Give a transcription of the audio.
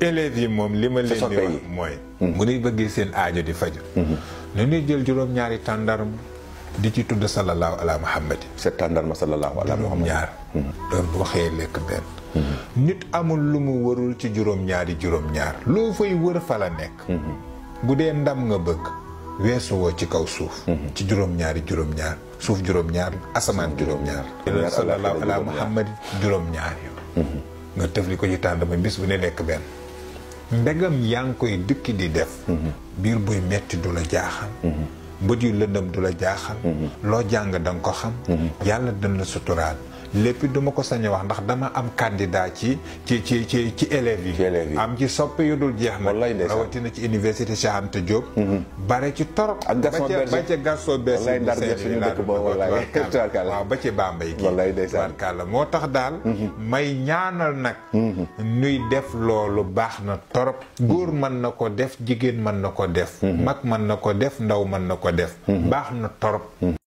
élèves yi moom li ma leen di wax mooy mu mhm. nuy bëggee seen aajo di faju mhm. nu ñuy jël juróom-ñaari tàndarm di ci tudd sallallahu ala muhammad c'est tàndarma sallallahu ala muhammad ñaar mhm. doon bu waxee lekk benn nit amul lu mu warul ci juróom-ñaari juróom-ñaar loo fay wër fa la nekk bu dee ndam nga bëgg weesu woo ci kaw suuf ci juróom-ñaari juróom-ñaar suuf juróom-ñaar asamaan juróom-ñaar sallallahu ala muhammad juróom-ñaar yo nga tëfli ko ci tànn ba bis bu ne nekk benn mbegam yaa ngi koy dikki di def mhm. biir buy metti du la jaaxal mbët mhm. yu lëndëm du la jaaxal mhm. loo jàng danga ko xam yàlla dana la suturaal lépp duma ko sañ wax ndax dama am candidat ci ci ci ci ci élèves yi am ci soppe yu dul jeex na rawatina ci université Cheikh Anta Diop mhm. bare ci torop ba ca Gaston Berger waaw ba ci Bambey gi barkalla moo tax daal mhm. may ñaanal nag mhm. nuy def loolu baax na torop góor mën na ko def jigéen mën na ko def mag mën na ko def ndaw mën na ko def baax na torop